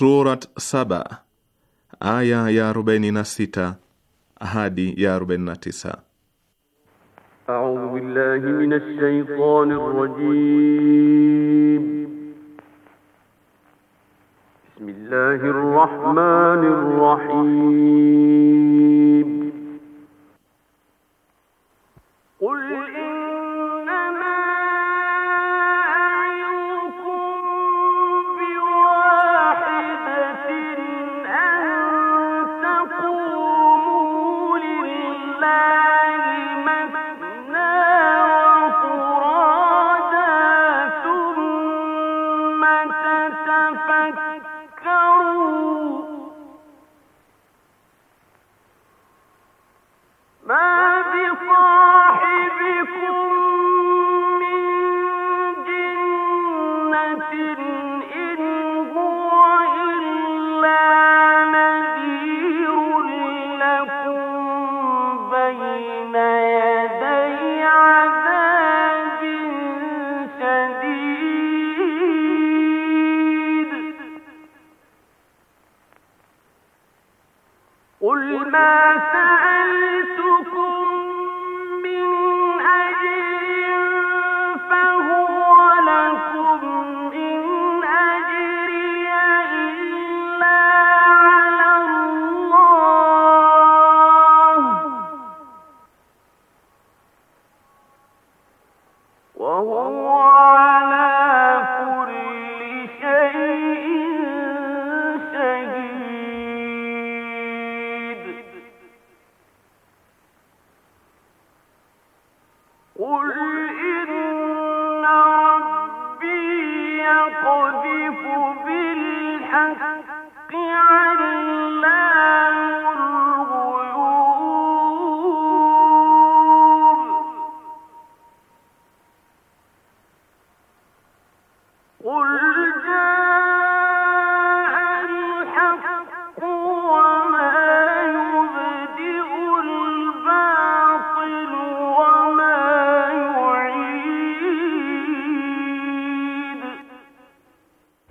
Surat saba aya ya arobaini na sita hadi ya arobaini na tisa. A'udhu billahi minash shaitani rajim. Bismillahir rahmanir rahim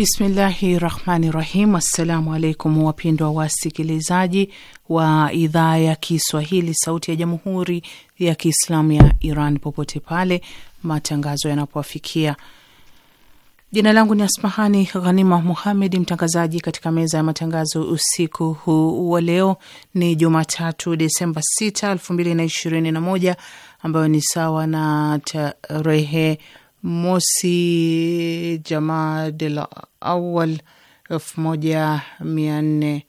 Bismillahi rahmani rahim. Assalamu alaikum wapendwa wasikilizaji wa idhaa ya Kiswahili sauti ya jamhuri ya Kiislamu ya Iran popote pale matangazo yanapowafikia. Jina langu ni Asmahani Ghanima muhamedi mtangazaji katika meza ya matangazo. Usiku huu wa leo ni Jumatatu, Desemba 6, 2021 ambayo ni sawa na tarehe mosi Jamadil Awal elfu moja mia nne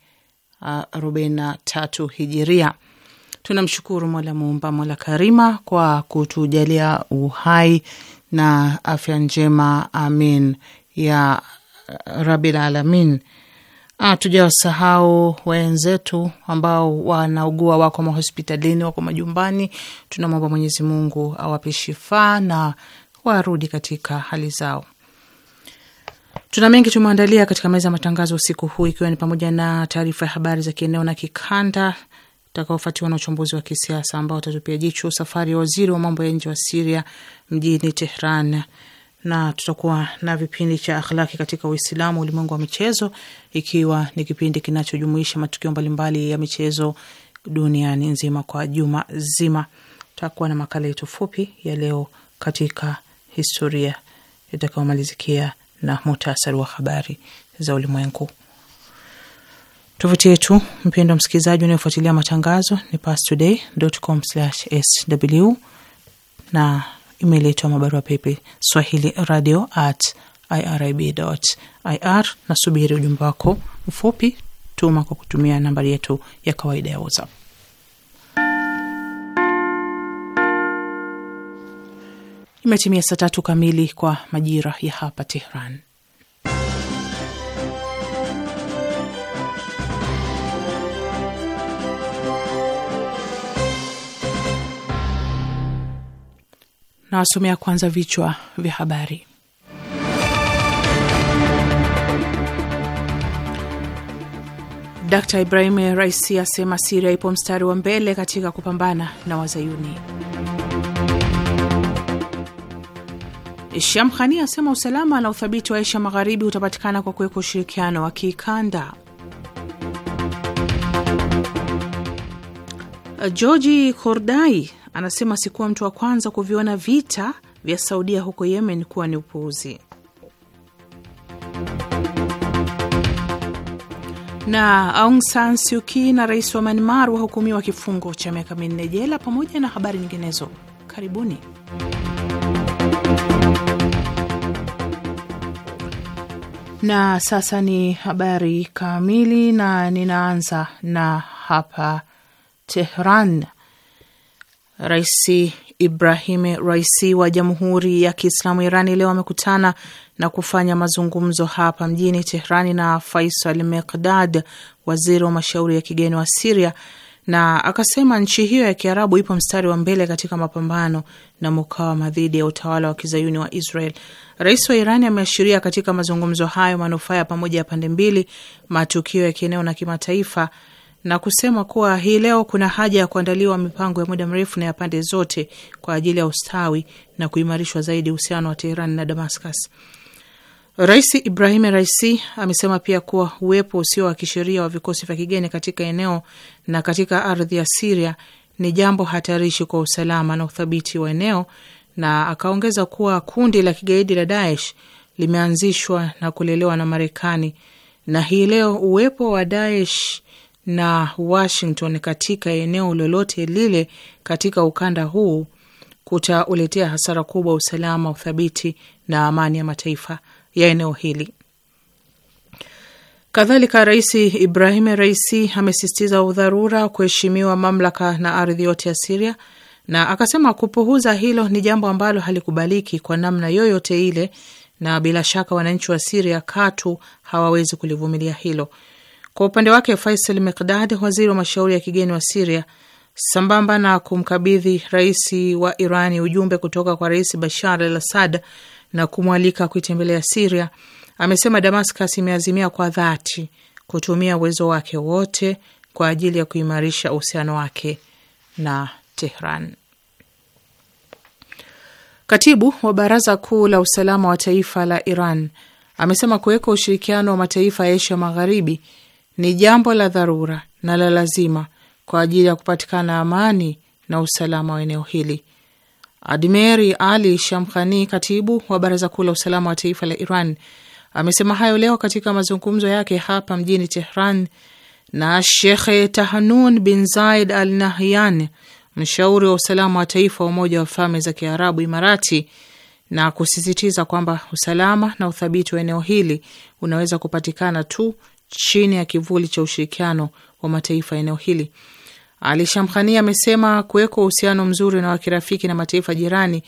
arobaini na tatu hijiria. Tunamshukuru Mola Muumba, Mola Karima kwa kutujalia uhai na afya njema, amin ya rabil alamin. Hatujawasahau ah, wenzetu ambao wanaugua, wako mahospitalini, wako majumbani. Tunamwomba Mwenyezi Mungu awape shifaa na warudi katika hali zao. Tuna mengi tumeandalia katika meza ya matangazo usiku huu, ikiwa ni pamoja na taarifa ya habari za kieneo na kikanda utakaofuatiwa na uchambuzi wa kisiasa ambao watatupia jicho safari ya waziri wa mambo ya nje wa Siria mjini Tehran, na tutakuwa na vipindi cha akhlaki katika Uislamu, ulimwengu wa michezo, ikiwa ni kipindi kinachojumuisha matukio mbalimbali ya michezo duniani nzima kwa juma zima. Tutakuwa na makala yetu fupi ya leo katika historia itakaomalizikia na muhtasari wa habari za ulimwengu. Tovuti yetu mpendo msikilizaji unayofuatilia matangazo ni pastoday.com/sw na email yetu ya mabarua pepe swahili radio at irib.ir. Nasubiri ujumbe wako mfupi, tuma kwa kutumia nambari yetu ya kawaida ya WhatsApp. Imetimia saa tatu kamili kwa majira ya hapa Tehran. Nawasomea kwanza vichwa vya habari. Dkt Ibrahim Raisi asema Siria ipo mstari wa mbele katika kupambana na Wazayuni. Shamkhani asema usalama na uthabiti wa Asia Magharibi utapatikana kwa kuwekwa ushirikiano wa kikanda. Georgi Kordai anasema sikuwa mtu wa kwanza kuviona vita vya Saudia huko Yemen kuwa ni upuuzi. Na Aung San Suu Kyi na rais wa Myanmar wahukumiwa kifungo cha miaka minne jela, pamoja na habari nyinginezo. Karibuni. Na sasa ni habari kamili, na ninaanza na hapa Tehran. Raisi Ibrahim Raisi wa Jamhuri ya Kiislamu Irani leo amekutana na kufanya mazungumzo hapa mjini Tehrani na Faisal Mekdad, waziri wa mashauri ya kigeni wa Siria, na akasema nchi hiyo ya Kiarabu ipo mstari wa mbele katika mapambano na mukawama dhidi ya utawala wa kizayuni wa Israel. Rais wa Irani ameashiria katika mazungumzo hayo manufaa ya pamoja ya pande mbili, matukio ya kieneo na kimataifa, na kusema kuwa hii leo kuna haja ya kuandaliwa mipango ya muda mrefu na ya pande zote kwa ajili ya ustawi na kuimarishwa zaidi uhusiano wa Teheran na Damascus. Rais Ibrahim Raisi amesema pia kuwa uwepo usio wa kisheria wa vikosi vya kigeni katika eneo na katika ardhi ya Siria ni jambo hatarishi kwa usalama na uthabiti wa eneo, na akaongeza kuwa kundi la kigaidi la Daesh limeanzishwa na kulelewa na Marekani, na hii leo uwepo wa Daesh na Washington katika eneo lolote lile katika ukanda huu kutauletea hasara kubwa usalama, uthabiti na amani ya mataifa ya eneo hili. Kadhalika, Rais Ibrahim Raisi amesisitiza udharura kuheshimiwa mamlaka na ardhi yote ya Siria na akasema kupuuza hilo ni jambo ambalo halikubaliki kwa namna yoyote ile, na bila shaka wananchi wa Siria katu hawawezi kulivumilia hilo. Kwa upande wake, Faisal Mikdad, waziri wa mashauri ya kigeni wa Siria, sambamba na kumkabidhi rais wa Irani ujumbe kutoka kwa Rais Bashar al Assad na kumwalika kuitembelea Siria, amesema Damascus imeazimia kwa dhati kutumia uwezo wake wote kwa ajili ya kuimarisha uhusiano wake na Tehran. Katibu wa Baraza Kuu la Usalama wa Taifa la Iran amesema kuweka ushirikiano wa mataifa ya Asia Magharibi ni jambo la dharura na la lazima kwa ajili ya kupatikana amani na usalama wa eneo hili. Admeri Ali Shamkhani, katibu wa baraza kuu la usalama wa taifa la Iran, amesema hayo leo katika mazungumzo yake hapa mjini Tehran na Shekhe Tahanun bin Zaid Al Nahyan, mshauri wa usalama wa taifa wa Umoja wa Falme za Kiarabu, Imarati, na kusisitiza kwamba usalama na uthabiti wa eneo hili unaweza kupatikana tu chini ya kivuli cha ushirikiano wa mataifa ya eneo hili. Ali Shamkhani amesema kuwekwa uhusiano mzuri na wa kirafiki na mataifa jirani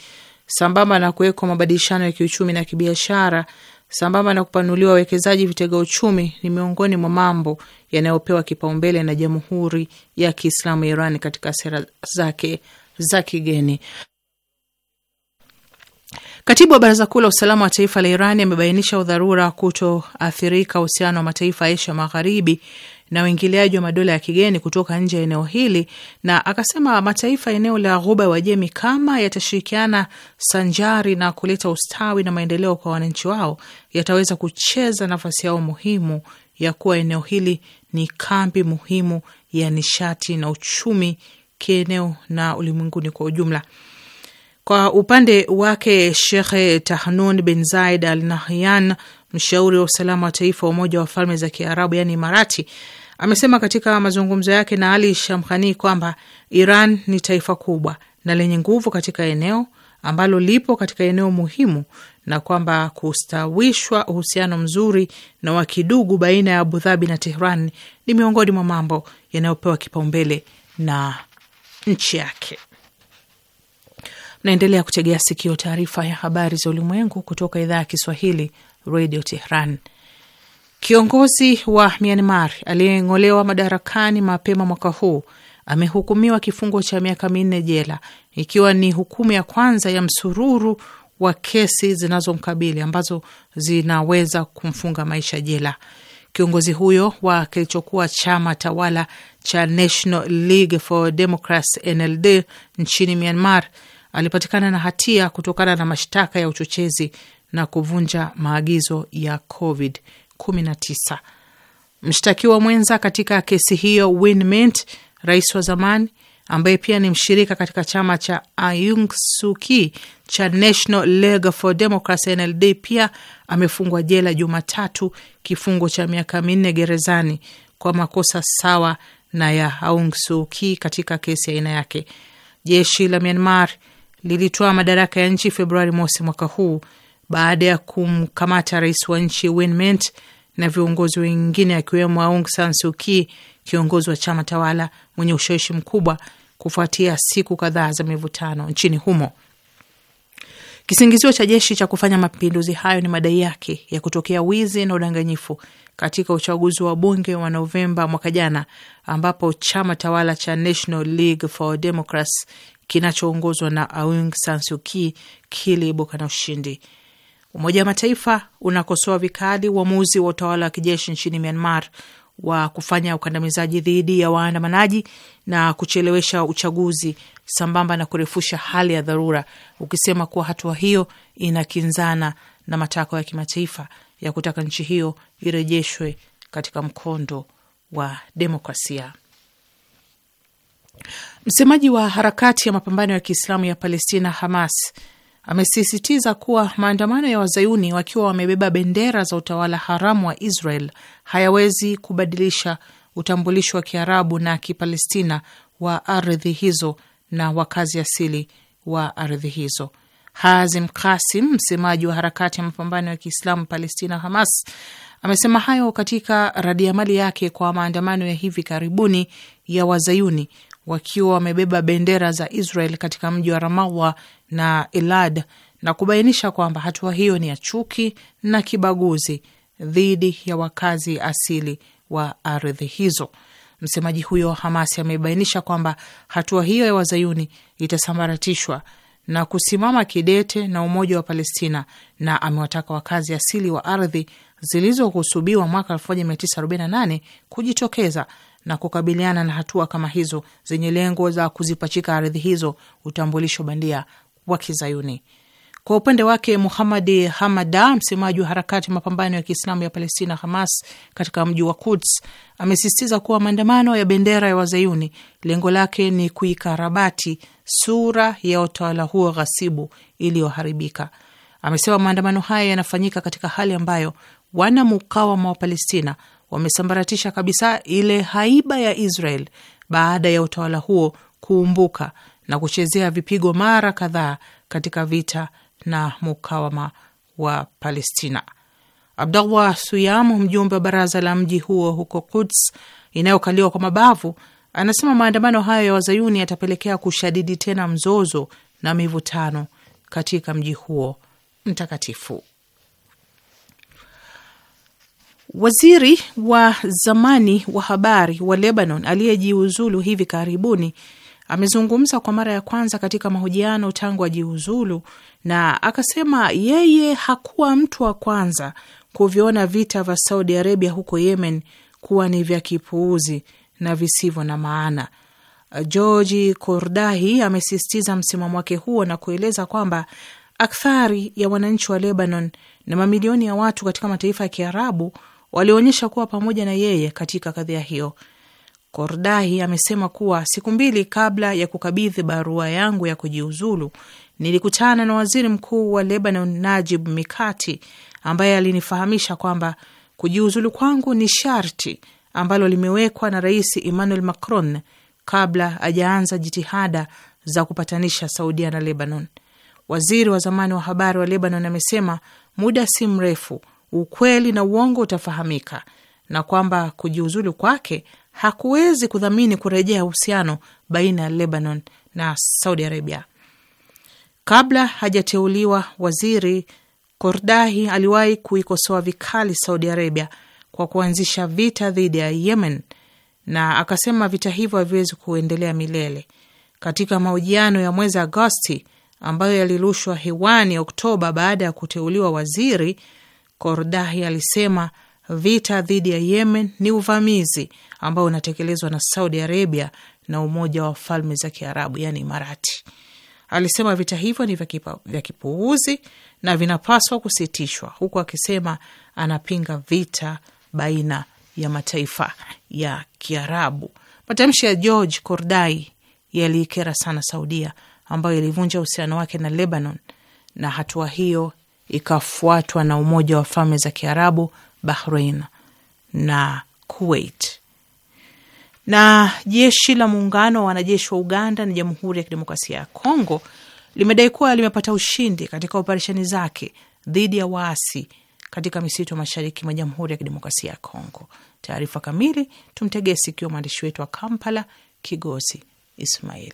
sambamba na kuwekwa mabadilishano ya kiuchumi na kibiashara sambamba na kupanuliwa wawekezaji vitega uchumi ni miongoni mwa mambo yanayopewa kipaumbele na Jamhuri ya Kiislamu ya Iran katika sera zake za kigeni. Katibu wa Baraza Kuu la Usalama wa Taifa la iran amebainisha udharura kutoathirika uhusiano wa mataifa ya Asia Magharibi na uingiliaji wa madola ya kigeni kutoka nje ya eneo hili, na akasema mataifa eneo la Ghuba ya Uajemi kama yatashirikiana sanjari na kuleta ustawi na maendeleo kwa wananchi wao, yataweza kucheza nafasi yao muhimu ya kuwa eneo hili ni kambi muhimu ya nishati na uchumi kieneo na ulimwenguni kwa ujumla. Kwa upande wake Shekhe Tahnun bin Zaid Al Nahyan Mshauri wa usalama wa taifa wa Umoja wa Falme za Kiarabu yani Imarati amesema katika mazungumzo yake na Ali Shamkhani kwamba Iran ni taifa kubwa na lenye nguvu katika eneo ambalo lipo katika eneo muhimu na kwamba kustawishwa uhusiano mzuri na wa kidugu baina ya Abu Dhabi na Tehran ni miongoni mwa mambo yanayopewa kipaumbele na nchi yake. Naendelea kutegea sikio taarifa ya habari za ulimwengu kutoka idhaa ya Kiswahili Radio Tehran. Kiongozi wa Myanmar aliyeng'olewa madarakani mapema mwaka huu amehukumiwa kifungo cha miaka minne jela, ikiwa ni hukumu ya kwanza ya msururu wa kesi zinazomkabili ambazo zinaweza kumfunga maisha jela. Kiongozi huyo wa kilichokuwa chama tawala cha National League for Democracy NLD nchini Myanmar alipatikana na hatia kutokana na mashtaka ya uchochezi na kuvunja maagizo ya Covid 19. Mshtakiwa mwenza katika kesi hiyo Win Myint, rais wa zamani ambaye pia ni mshirika katika chama cha Aung Suu Kyi cha National League for Democracy NLD, pia amefungwa jela Jumatatu kifungo cha miaka minne gerezani kwa makosa sawa na ya Aung Suu Kyi katika kesi aina ya yake. Jeshi la Myanmar lilitoa madaraka ya nchi Februari mosi mwaka huu baada ya kumkamata rais wa nchi Win Myint na viongozi wengine akiwemo Aung San Suu Kyi, kiongozi wa chama tawala mwenye ushawishi mkubwa, kufuatia siku kadhaa za mivutano nchini humo. Kisingizio cha jeshi cha kufanya mapinduzi hayo ni madai yake ya kutokea wizi na udanganyifu katika uchaguzi wa bunge wa Novemba mwaka jana, ambapo chama tawala cha National League for Democracy kinachoongozwa na Aung San Suu Kyi kiliibuka na ushindi. Umoja wa Mataifa unakosoa vikali uamuzi wa utawala wa kijeshi nchini Myanmar wa kufanya ukandamizaji dhidi ya waandamanaji na kuchelewesha uchaguzi sambamba na kurefusha hali ya dharura, ukisema kuwa hatua hiyo inakinzana na matakwa ya kimataifa ya kutaka nchi hiyo irejeshwe katika mkondo wa demokrasia. Msemaji wa harakati ya mapambano ya Kiislamu ya Palestina, Hamas, amesisitiza kuwa maandamano ya wazayuni wakiwa wamebeba bendera za utawala haramu wa Israel hayawezi kubadilisha utambulisho wa Kiarabu na Kipalestina wa ardhi hizo na wakazi asili wa ardhi hizo. Hazim Kasim, msemaji wa harakati ya mapambano ya Kiislamu Palestina, Hamas, amesema hayo katika radiamali yake kwa maandamano ya hivi karibuni ya wazayuni wakiwa wamebeba bendera za Israel katika mji wa Ramallah na Elad na kubainisha kwamba hatua hiyo ni ya chuki na kibaguzi dhidi ya wakazi asili wa ardhi hizo. Msemaji huyo wa Hamasi amebainisha kwamba hatua hiyo ya wazayuni itasambaratishwa na kusimama kidete na umoja wa Palestina, na amewataka wakazi asili wa ardhi zilizohusubiwa mwaka 1948 kujitokeza na kukabiliana na hatua kama hizo zenye lengo za kuzipachika ardhi hizo utambulisho bandia wa Kizayuni. Kwa upande wake Muhamadi Hamada, msemaji wa harakati mapambano ya Kiislamu ya Palestina, Hamas, katika mji wa Kuds amesisitiza kuwa maandamano ya bendera ya Wazayuni lengo lake ni kuikarabati sura ya utawala huo ghasibu iliyoharibika. Amesema maandamano haya yanafanyika katika hali ambayo wana mukawama wa Palestina wamesambaratisha kabisa ile haiba ya Israel baada ya utawala huo kuumbuka na kuchezea vipigo mara kadhaa katika vita na mukawama wa Palestina. Abdallah Suyam, mjumbe wa baraza la mji huo huko Kuds inayokaliwa kwa mabavu, anasema maandamano hayo ya wazayuni yatapelekea kushadidi tena mzozo na mivutano katika mji huo mtakatifu. Waziri wa zamani wa habari wa Lebanon aliyejiuzulu hivi karibuni amezungumza kwa mara ya kwanza katika mahojiano tangu ajiuzulu, na akasema yeye hakuwa mtu wa kwanza kuviona vita vya Saudi Arabia huko Yemen kuwa ni vya kipuuzi na visivyo na maana. Georgi Kordahi amesisitiza msimamo wake huo na kueleza kwamba akthari ya wananchi wa Lebanon na mamilioni ya watu katika mataifa ya Kiarabu walionyesha kuwa pamoja na yeye katika kadhia hiyo. Kordahi amesema kuwa siku mbili kabla ya kukabidhi barua yangu ya kujiuzulu nilikutana na waziri mkuu wa Lebanon Najib Mikati ambaye alinifahamisha kwamba kujiuzulu kwangu ni sharti ambalo limewekwa na Rais Emmanuel Macron kabla ajaanza jitihada za kupatanisha Saudia na Lebanon. Waziri wa zamani wa habari wa Lebanon amesema muda si mrefu ukweli na uongo utafahamika na kwamba kujiuzulu kwake hakuwezi kudhamini kurejea uhusiano baina ya Lebanon na Saudi Arabia. Kabla hajateuliwa waziri, Kordahi aliwahi kuikosoa vikali Saudi Arabia kwa kuanzisha vita dhidi ya Yemen na akasema vita hivyo haviwezi kuendelea milele. Katika mahojiano ya mwezi Agosti ambayo yalirushwa hewani Oktoba baada ya kuteuliwa waziri Kordahi alisema vita dhidi ya Yemen ni uvamizi ambao unatekelezwa na Saudi Arabia na Umoja wa Falme za Kiarabu, yani Imarati. Alisema vita hivyo ni vya kipuuzi na vinapaswa kusitishwa, huku akisema anapinga vita baina ya mataifa ya Kiarabu. Matamshi ya George Kordai yaliikera sana Saudia, ambayo ilivunja uhusiano wake na Lebanon, na hatua hiyo ikafuatwa na Umoja wa Falme za Kiarabu, Bahrain na Kuwait. Na jeshi la muungano wa wanajeshi wa Uganda na Jamhuri ya Kidemokrasia ya Kongo limedai kuwa limepata ushindi katika operesheni zake dhidi ya waasi katika misitu ya mashariki mwa Jamhuri ya Kidemokrasia ya Kongo. Taarifa kamili tumtegee sikio mwandishi wetu wa Kampala, Kigozi Ismaili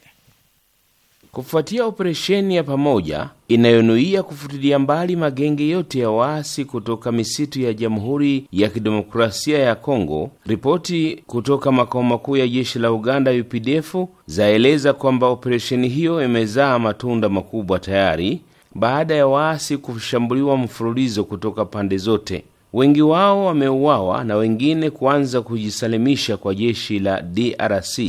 kufuatia operesheni ya pamoja inayonuia kufutilia mbali magenge yote ya waasi kutoka misitu ya Jamhuri ya Kidemokrasia ya Kongo. Ripoti kutoka makao makuu ya jeshi la Uganda UPDF zaeleza kwamba operesheni hiyo imezaa matunda makubwa tayari baada ya waasi kushambuliwa mfululizo kutoka pande zote. Wengi wao wameuawa na wengine kuanza kujisalimisha kwa jeshi la DRC.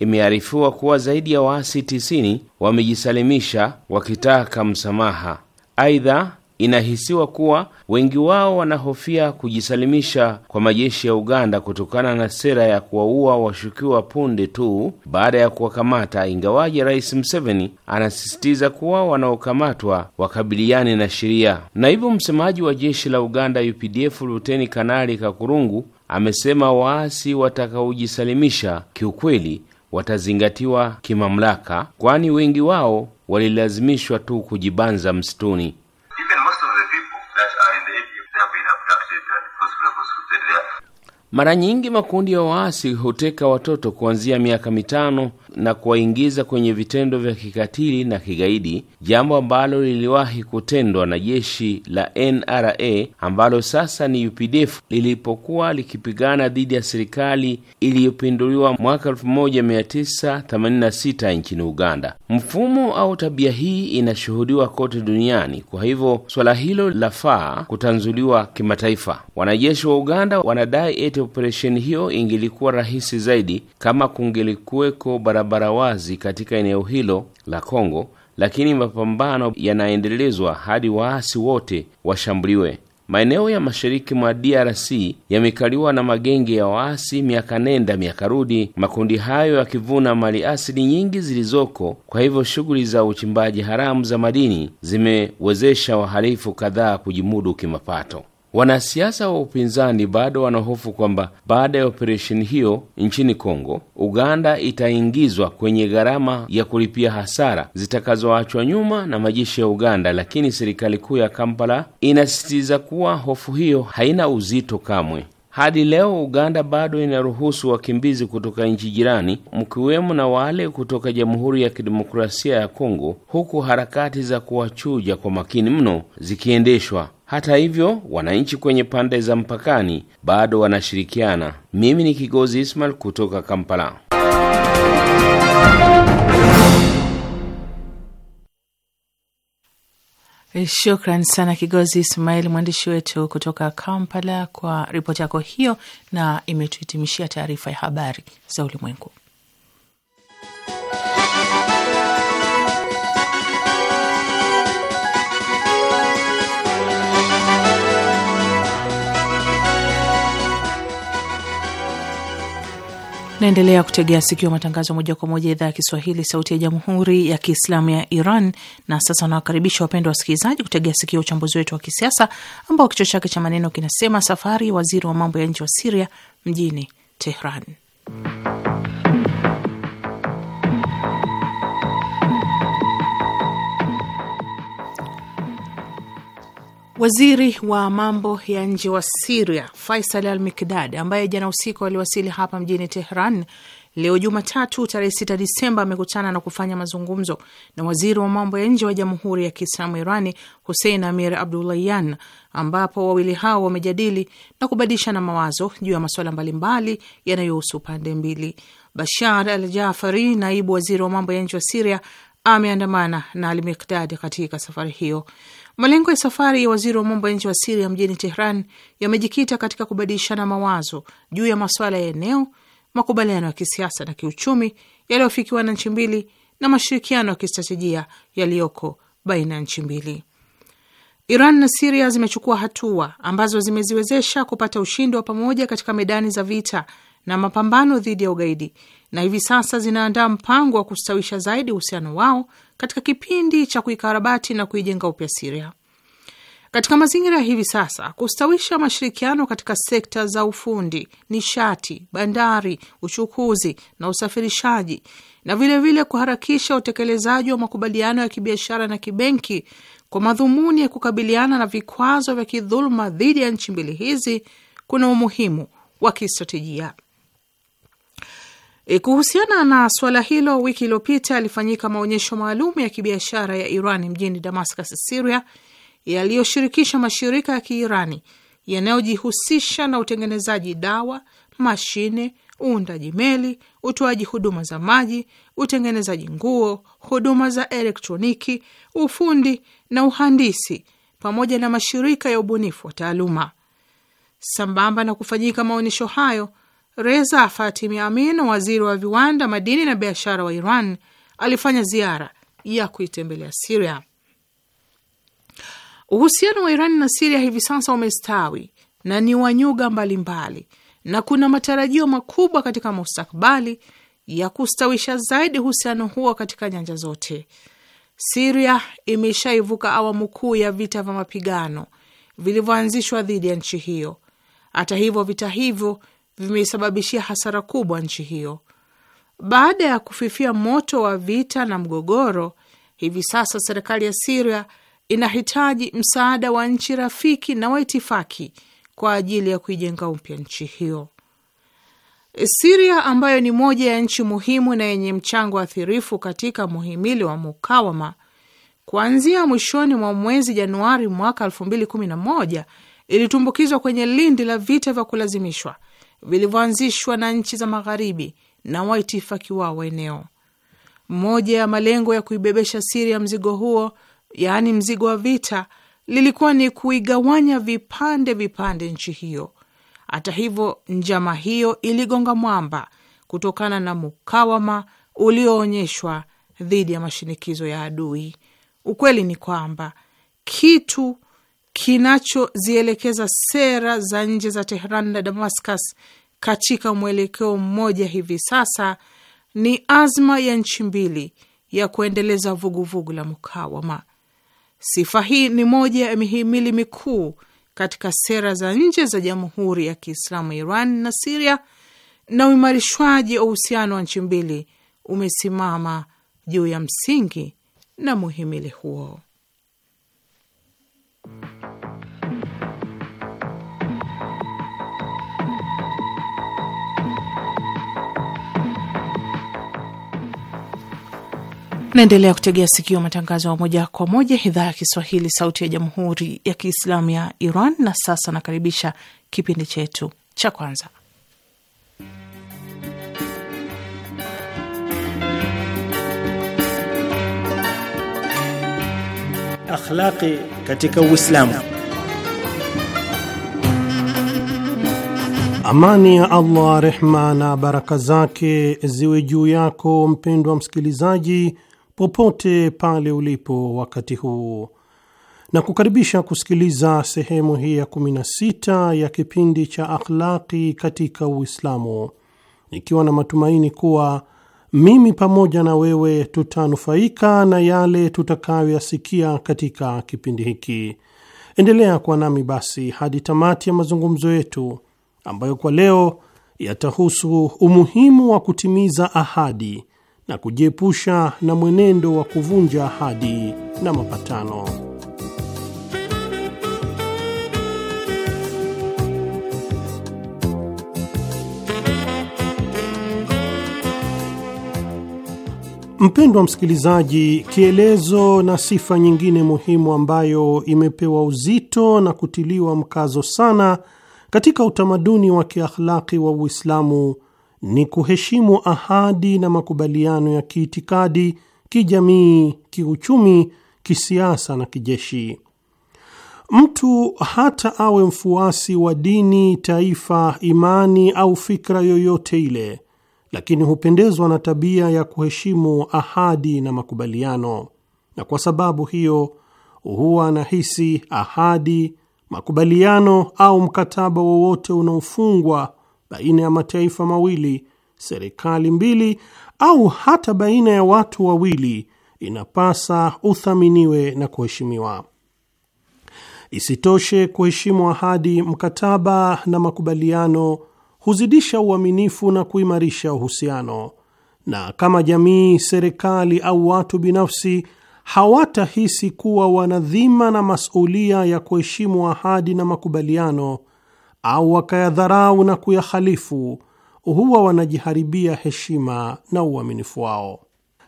Imearifiwa kuwa zaidi ya waasi 90 wamejisalimisha wakitaka msamaha. Aidha, inahisiwa kuwa wengi wao wanahofia kujisalimisha kwa majeshi ya Uganda kutokana na sera ya kuwaua washukiwa punde tu baada ya kuwakamata, ingawaje Rais Museveni anasisitiza kuwa wanaokamatwa wakabiliane na sheria. Na hivyo msemaji wa jeshi la Uganda UPDF Luteni Kanali Kakurungu amesema waasi watakaojisalimisha kiukweli watazingatiwa kimamlaka, kwani wengi wao walilazimishwa tu kujibanza msituni. Mara nyingi makundi ya waasi huteka watoto kuanzia miaka mitano na kuwaingiza kwenye vitendo vya kikatili na kigaidi, jambo ambalo liliwahi kutendwa na jeshi la NRA ambalo sasa ni UPDF lilipokuwa likipigana dhidi ya serikali iliyopinduliwa mwaka 1986 nchini Uganda. Mfumo au tabia hii inashuhudiwa kote duniani, kwa hivyo swala hilo lafaa kutanzuliwa kimataifa. Wanajeshi wa Uganda wanadai eti operesheni hiyo ingelikuwa rahisi zaidi kama kungelikuweko barabara wazi katika eneo hilo la Kongo, lakini mapambano yanaendelezwa hadi waasi wote washambuliwe. Maeneo ya mashariki mwa DRC yamekaliwa na magenge ya waasi miaka nenda miaka rudi, makundi hayo yakivuna mali asili nyingi zilizoko. Kwa hivyo shughuli za uchimbaji haramu za madini zimewezesha wahalifu kadhaa kujimudu kimapato. Wanasiasa wa upinzani bado wanahofu kwamba baada ya operesheni hiyo nchini Kongo, Uganda itaingizwa kwenye gharama ya kulipia hasara zitakazoachwa nyuma na majeshi ya Uganda, lakini serikali kuu ya Kampala inasisitiza kuwa hofu hiyo haina uzito kamwe. Hadi leo Uganda bado inaruhusu wakimbizi kutoka nchi jirani, mkiwemo na wale kutoka Jamhuri ya Kidemokrasia ya Kongo, huku harakati za kuwachuja kwa makini mno zikiendeshwa. Hata hivyo, wananchi kwenye pande za mpakani bado wanashirikiana. Mimi ni Kigozi Ismail kutoka Kampala. Eh, shukran sana Kigozi Ismail, mwandishi wetu kutoka Kampala, kwa ripoti yako hiyo, na imetuhitimishia taarifa ya habari za ulimwengu. Naendelea kutegea sikio matangazo moja kwa moja idhaa ya Kiswahili sauti ya jamhuri ya kiislamu ya Iran. Na sasa nawakaribisha wapendwa wasikilizaji kutegea sikio uchambuzi wetu wa kisiasa ambao kichwa chake cha maneno kinasema safari waziri wa mambo ya nje wa Siria mjini Tehran. Waziri wa mambo ya nje wa Siria Faisal Al Mikdad, ambaye jana usiku aliwasili hapa mjini Tehran, leo Jumatatu tarehe sita Disemba, amekutana na kufanya mazungumzo na waziri wa mambo ya nje wa Jamhuri ya Kiislamu Irani Hussein Amir abdulayan ambapo wawili hao wamejadili na kubadilishana mawazo juu ya masuala mbalimbali yanayohusu pande mbili. Bashar Al Jafari, naibu waziri wa mambo ya nje wa Siria, ameandamana na Almiktadi katika safari hiyo. Malengo ya safari ya waziri wa mambo ya nje wa Siria mjini Tehran yamejikita katika kubadilishana mawazo juu ya masuala ya eneo, makubaliano ya kisiasa na kiuchumi yaliyofikiwa na nchi mbili na mashirikiano ya kistratejia yaliyoko baina ya nchi mbili. Iran na Siria zimechukua hatua ambazo zimeziwezesha kupata ushindi wa pamoja katika medani za vita na mapambano dhidi ya ugaidi na hivi sasa zinaandaa mpango wa kustawisha zaidi uhusiano wao katika kipindi cha kuikarabati na kuijenga upya Siria. Katika mazingira ya hivi sasa, kustawisha mashirikiano katika sekta za ufundi, nishati, bandari, uchukuzi na usafirishaji, na vilevile vile kuharakisha utekelezaji wa makubaliano ya kibiashara na kibenki kwa madhumuni ya kukabiliana na vikwazo vya kidhuluma dhidi ya nchi mbili hizi kuna umuhimu wa kistratejia. E, kuhusiana na swala hilo, wiki iliyopita alifanyika maonyesho maalum ya kibiashara ya Iran mjini Damascus, Syria, yaliyoshirikisha mashirika ya Kiirani yanayojihusisha na utengenezaji dawa, mashine, uundaji meli, utoaji huduma za maji, utengenezaji nguo, huduma za elektroniki, ufundi na uhandisi, pamoja na mashirika ya ubunifu wa taaluma. Sambamba na kufanyika maonyesho hayo Reza Fatimi Amin, waziri wa viwanda, madini na biashara wa Iran, alifanya ziara ya kuitembelea Siria. Uhusiano wa Iran na Siria hivi sasa umestawi na ni wanyuga mbalimbali na kuna matarajio makubwa katika mustakbali ya kustawisha zaidi uhusiano huo katika nyanja zote. Siria imeshaivuka awamu kuu ya vita vya mapigano vilivyoanzishwa dhidi ya nchi hiyo. Hata hivyo, vita hivyo vimeisababishia hasara kubwa nchi hiyo. Baada ya kufifia moto wa vita na mgogoro, hivi sasa serikali ya Siria inahitaji msaada wa nchi rafiki na waitifaki kwa ajili ya kuijenga upya nchi hiyo. Siria ambayo ni moja ya nchi muhimu na yenye mchango athirifu katika muhimili wa mukawama, kuanzia mwishoni mwa mwezi Januari mwaka 2011 ilitumbukizwa kwenye lindi la vita vya kulazimishwa vilivyoanzishwa na nchi za Magharibi na waitifaki wao wa eneo. Moja ya malengo ya kuibebesha Siria mzigo huo, yaani mzigo wa vita, lilikuwa ni kuigawanya vipande vipande nchi hiyo. Hata hivyo, njama hiyo iligonga mwamba kutokana na mukawama ulioonyeshwa dhidi ya mashinikizo ya adui. Ukweli ni kwamba kitu kinachozielekeza sera za nje za Tehran na Damascus katika mwelekeo mmoja hivi sasa ni azma ya nchi mbili ya kuendeleza vuguvugu vugu la mukawama. Sifa hii ni moja ya mihimili mikuu katika sera za nje za Jamhuri ya Kiislamu Iran na Siria, na uimarishwaji wa uhusiano wa nchi mbili umesimama juu ya msingi na muhimili huo. Naendelea kutegea sikio matangazo ya moja kwa moja idhaa ya Kiswahili, sauti ya jamhuri ya kiislamu ya Iran. Na sasa nakaribisha kipindi chetu cha kwanza, akhlaqi katika Uislamu. Amani ya Allah, rehma na baraka zake ziwe juu yako mpendwa msikilizaji popote pale ulipo wakati huu na kukaribisha kusikiliza sehemu hii ya 16 ya kipindi cha Akhlaqi katika Uislamu, nikiwa na matumaini kuwa mimi pamoja na wewe tutanufaika na yale tutakayoyasikia katika kipindi hiki. Endelea kuwa nami basi hadi tamati ya mazungumzo yetu ambayo kwa leo yatahusu umuhimu wa kutimiza ahadi na kujiepusha na mwenendo wa kuvunja ahadi na mapatano. Mpendwa msikilizaji, kielezo na sifa nyingine muhimu ambayo imepewa uzito na kutiliwa mkazo sana katika utamaduni wa kiakhlaki wa Uislamu ni kuheshimu ahadi na makubaliano ya kiitikadi, kijamii, kiuchumi, kisiasa na kijeshi. Mtu hata awe mfuasi wa dini, taifa, imani au fikra yoyote ile, lakini hupendezwa na tabia ya kuheshimu ahadi na makubaliano, na kwa sababu hiyo huwa anahisi ahadi, makubaliano au mkataba wowote unaofungwa baina ya mataifa mawili, serikali mbili, au hata baina ya watu wawili inapasa uthaminiwe na kuheshimiwa. Isitoshe, kuheshimu ahadi, mkataba na makubaliano huzidisha uaminifu na kuimarisha uhusiano, na kama jamii, serikali au watu binafsi hawatahisi kuwa wana dhima na masulia ya kuheshimu ahadi na makubaliano, au wakayadharau na kuyahalifu, huwa wanajiharibia heshima na uaminifu wao.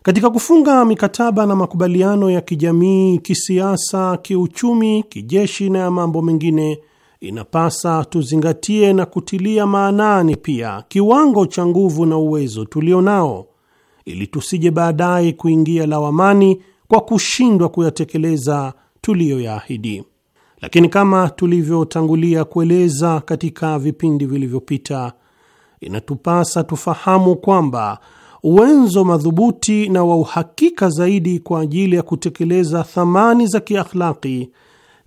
Katika kufunga mikataba na makubaliano ya kijamii, kisiasa, kiuchumi, kijeshi na ya mambo mengine, inapasa tuzingatie na kutilia maanani pia kiwango cha nguvu na uwezo tulio nao, ili tusije baadaye kuingia lawamani kwa kushindwa kuyatekeleza tuliyoyaahidi. Lakini kama tulivyotangulia kueleza katika vipindi vilivyopita, inatupasa tufahamu kwamba uwenzo madhubuti na wa uhakika zaidi kwa ajili ya kutekeleza thamani za kiakhlaki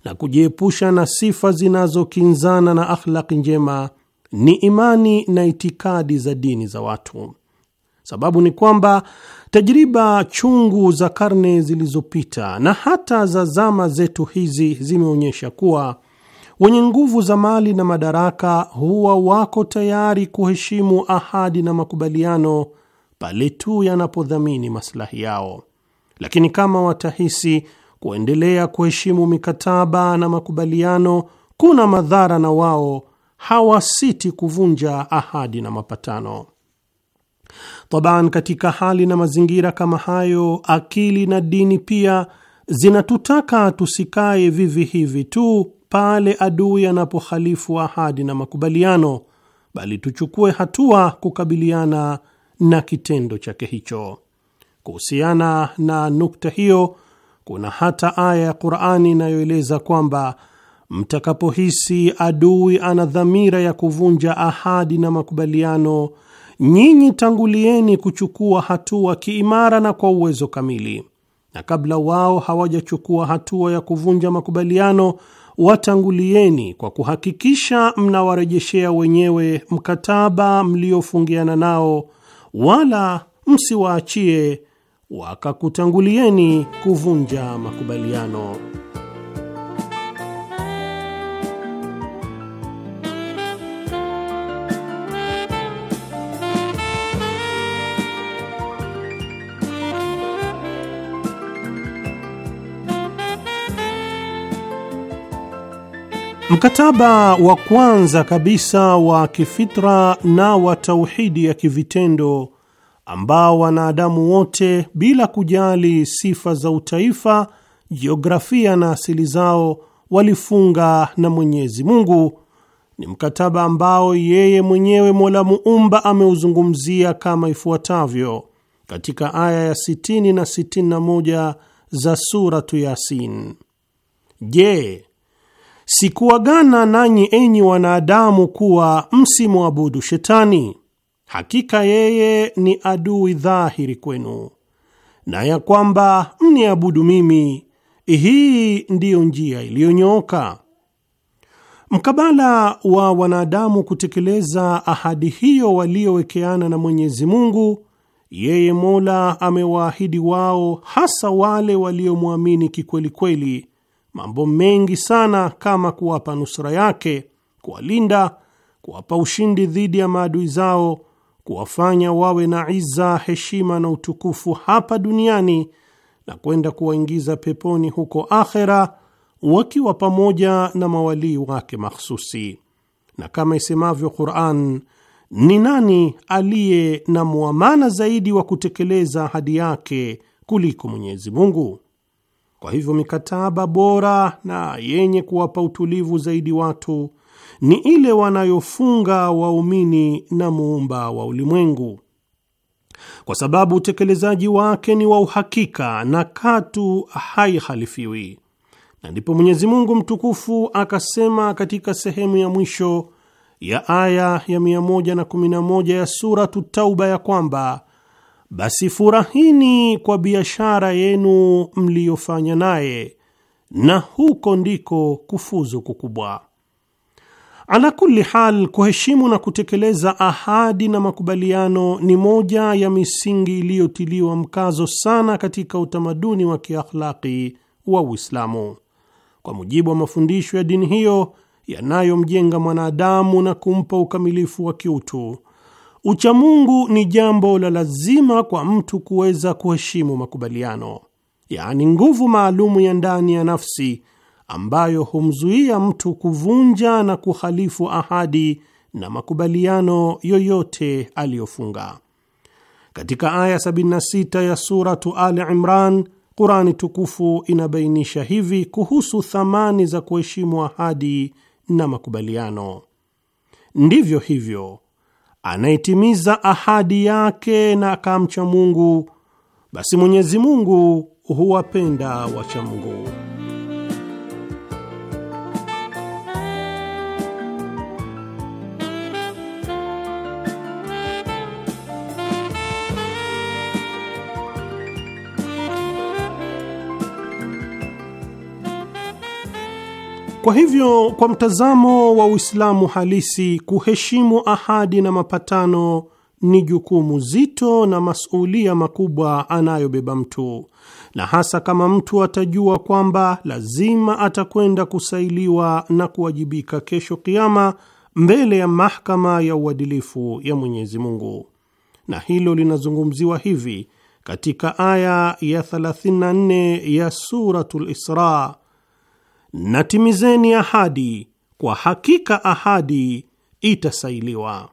na kujiepusha na sifa zinazokinzana na akhlaki njema ni imani na itikadi za dini za watu. Sababu ni kwamba tajriba chungu za karne zilizopita na hata za zama zetu hizi zimeonyesha kuwa wenye nguvu za mali na madaraka huwa wako tayari kuheshimu ahadi na makubaliano pale tu yanapodhamini maslahi yao, lakini kama watahisi kuendelea kuheshimu mikataba na makubaliano kuna madhara, na wao hawasiti kuvunja ahadi na mapatano. Taban, katika hali na mazingira kama hayo, akili na dini pia zinatutaka tusikae vivi hivi tu pale adui anapohalifu ahadi na makubaliano, bali tuchukue hatua kukabiliana na kitendo chake hicho. Kuhusiana na nukta hiyo, kuna hata aya ya Qur'ani inayoeleza kwamba mtakapohisi adui ana dhamira ya kuvunja ahadi na makubaliano nyinyi tangulieni kuchukua hatua kiimara na kwa uwezo kamili, na kabla wao hawajachukua hatua ya kuvunja makubaliano, watangulieni kwa kuhakikisha mnawarejeshea wenyewe mkataba mliofungiana nao, wala msiwaachie wakakutangulieni kuvunja makubaliano. Mkataba wa kwanza kabisa wa kifitra na wa tauhidi ya kivitendo ambao wanadamu wote bila kujali sifa za utaifa, jiografia na asili zao walifunga na Mwenyezi Mungu ni mkataba ambao yeye mwenyewe Mola Muumba ameuzungumzia kama ifuatavyo katika aya ya 60 na 61 za suratu Yasin: Je, Sikuagana nanyi enyi wanadamu kuwa msimwabudu Shetani, hakika yeye ni adui dhahiri kwenu, na ya kwamba mniabudu mimi, hii ndiyo njia iliyonyooka. Mkabala wa wanadamu kutekeleza ahadi hiyo waliowekeana na Mwenyezi Mungu, yeye Mola amewaahidi wao, hasa wale waliomwamini kikwelikweli mambo mengi sana kama kuwapa nusra yake, kuwalinda, kuwapa ushindi dhidi ya maadui zao, kuwafanya wawe na iza, heshima na utukufu hapa duniani na kwenda kuwaingiza peponi huko akhera wakiwa pamoja na mawalii wake makhsusi. Na kama isemavyo Qur'an, ni nani aliye na mwamana zaidi wa kutekeleza ahadi yake kuliko Mwenyezi Mungu? Kwa hivyo mikataba bora na yenye kuwapa utulivu zaidi watu ni ile wanayofunga waumini na muumba wa ulimwengu, kwa sababu utekelezaji wake ni wa uhakika na katu haihalifiwi. Na ndipo Mwenyezi Mungu mtukufu akasema katika sehemu ya mwisho ya aya ya 111 ya Suratu Tauba ya kwamba basi furahini kwa biashara yenu mliyofanya naye, na huko ndiko kufuzu kukubwa. Ala kulli hal, kuheshimu na kutekeleza ahadi na makubaliano ni moja ya misingi iliyotiliwa mkazo sana katika utamaduni wa kiakhlaki wa Uislamu. Kwa mujibu wa mafundisho ya dini hiyo yanayomjenga mwanadamu na kumpa ukamilifu wa kiutu Uchamungu ni jambo la lazima kwa mtu kuweza kuheshimu makubaliano, yaani nguvu maalumu ya ndani ya nafsi ambayo humzuia mtu kuvunja na kuhalifu ahadi na makubaliano yoyote aliyofunga. Katika aya 76 ya Suratu al Imran, Qurani tukufu inabainisha hivi kuhusu thamani za kuheshimu ahadi na makubaliano: ndivyo hivyo anayetimiza ahadi yake na akamcha Mungu, basi Mwenyezi Mungu huwapenda wacha Kwa hivyo, kwa mtazamo wa Uislamu halisi, kuheshimu ahadi na mapatano ni jukumu zito na masulia makubwa anayobeba mtu, na hasa kama mtu atajua kwamba lazima atakwenda kusailiwa na kuwajibika kesho kiama mbele ya mahakama ya uadilifu ya Mwenyezi Mungu. Na hilo linazungumziwa hivi katika aya ya 34 ya Suratul Isra na timizeni ahadi, kwa hakika ahadi itasailiwa.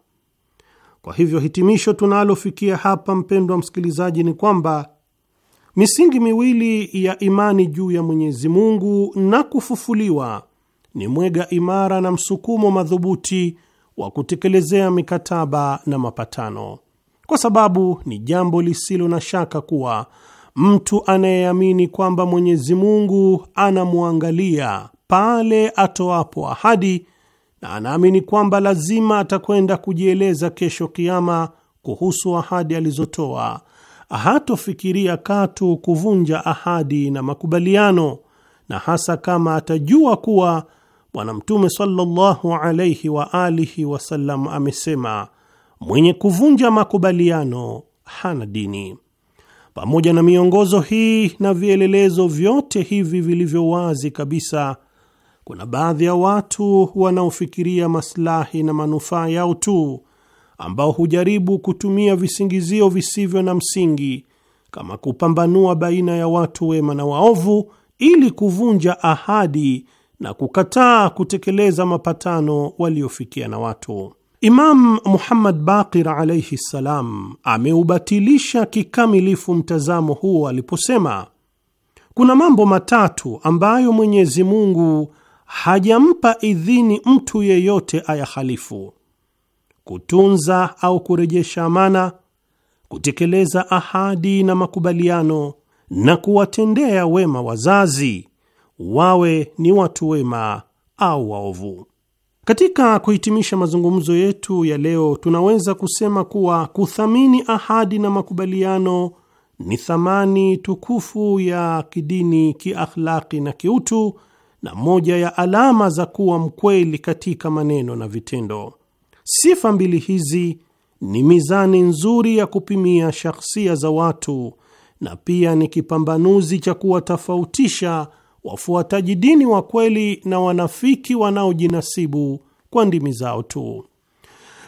Kwa hivyo hitimisho tunalofikia hapa, mpendwa msikilizaji, ni kwamba misingi miwili ya imani juu ya Mwenyezi Mungu na kufufuliwa ni mwega imara na msukumo madhubuti wa kutekelezea mikataba na mapatano, kwa sababu ni jambo lisilo na shaka kuwa mtu anayeamini kwamba Mwenyezi Mungu anamwangalia pale atoapo ahadi na anaamini kwamba lazima atakwenda kujieleza kesho Kiama kuhusu ahadi alizotoa, hatofikiria katu kuvunja ahadi na makubaliano, na hasa kama atajua kuwa Bwana Mtume sallallahu alaihi wa alihi wasallam amesema, mwenye kuvunja makubaliano hana dini. Pamoja na miongozo hii na vielelezo vyote hivi vilivyo wazi kabisa, kuna baadhi ya watu wanaofikiria maslahi na manufaa yao tu, ambao hujaribu kutumia visingizio visivyo na msingi kama kupambanua baina ya watu wema na waovu ili kuvunja ahadi na kukataa kutekeleza mapatano waliofikia na watu. Imam Muhammad Baqir alaihi ssalam ameubatilisha kikamilifu mtazamo huo aliposema, kuna mambo matatu ambayo Mwenyezi Mungu hajampa idhini mtu yeyote ayahalifu: kutunza au kurejesha amana, kutekeleza ahadi na makubaliano, na kuwatendea wema wazazi, wawe ni watu wema au waovu. Katika kuhitimisha mazungumzo yetu ya leo, tunaweza kusema kuwa kuthamini ahadi na makubaliano ni thamani tukufu ya kidini, kiakhlaki na kiutu, na moja ya alama za kuwa mkweli katika maneno na vitendo. Sifa mbili hizi ni mizani nzuri ya kupimia shakhsia za watu na pia ni kipambanuzi cha kuwatofautisha wafuataji dini wa kweli na wanafiki wanaojinasibu kwa ndimi zao tu.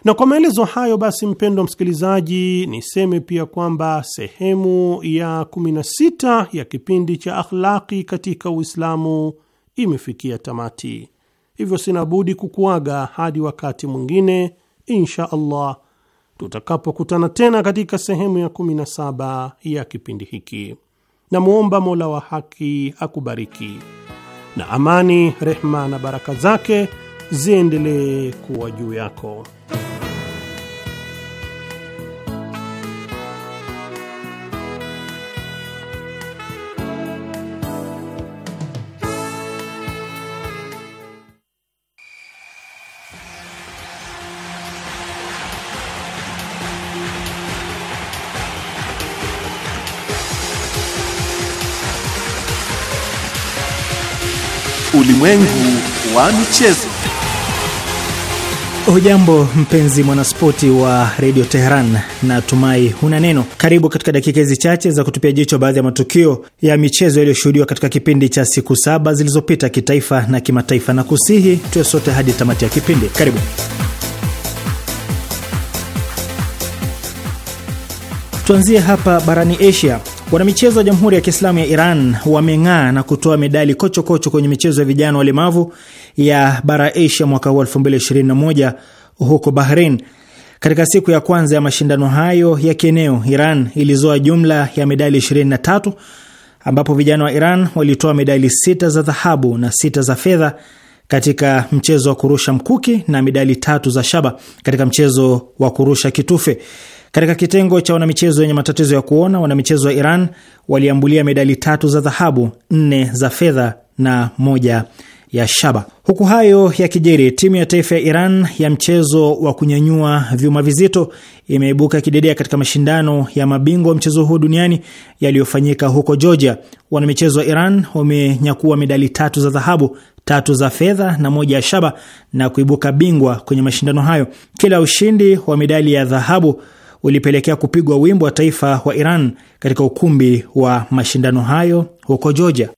Na kwa maelezo hayo basi, mpendwa msikilizaji, niseme pia kwamba sehemu ya 16 ya kipindi cha akhlaki katika Uislamu imefikia tamati, hivyo sina budi kukuaga hadi wakati mwingine insha Allah tutakapokutana tena katika sehemu ya 17 ya kipindi hiki namwomba Mola wa haki akubariki na amani, rehma na baraka zake ziendelee kuwa juu yako. Ulimwengu wa michezo. Hujambo mpenzi mwanaspoti wa redio Teheran, na tumai huna neno. Karibu katika dakika hizi chache za kutupia jicho baadhi ya matukio ya michezo yaliyoshuhudiwa katika kipindi cha siku saba zilizopita, kitaifa na kimataifa, na kusihi tuwe sote hadi tamati ya kipindi. Karibu. Tuanzie hapa barani Asia. Wanamichezo wa Jamhuri ya Kiislamu ya Iran wameng'aa na kutoa medali kochokocho kocho kwenye michezo ya vijana walemavu ya bara Asia mwaka huu 2021 huko Bahrain. Katika siku ya kwanza ya mashindano hayo ya kieneo, Iran ilizoa jumla ya medali 23 ambapo vijana wa Iran walitoa medali sita za dhahabu na sita za fedha katika mchezo wa kurusha mkuki na medali tatu za shaba katika mchezo wa kurusha kitufe. Katika kitengo cha wanamichezo wenye matatizo ya kuona, wanamichezo wa Iran waliambulia medali tatu za dhahabu, nne za fedha na moja ya shaba. Huku hayo ya kijeri, timu ya taifa ya Iran ya mchezo wa kunyanyua vyuma vizito imeibuka kidedea katika mashindano ya mabingwa wa mchezo huu duniani yaliyofanyika huko Georgia. Wanamichezo wa Iran wamenyakua medali tatu za dhahabu, tatu za fedha na moja ya shaba na kuibuka bingwa kwenye mashindano hayo. Kila ushindi wa medali ya dhahabu ulipelekea kupigwa wimbo wa taifa wa Iran katika ukumbi wa mashindano hayo huko Georgia.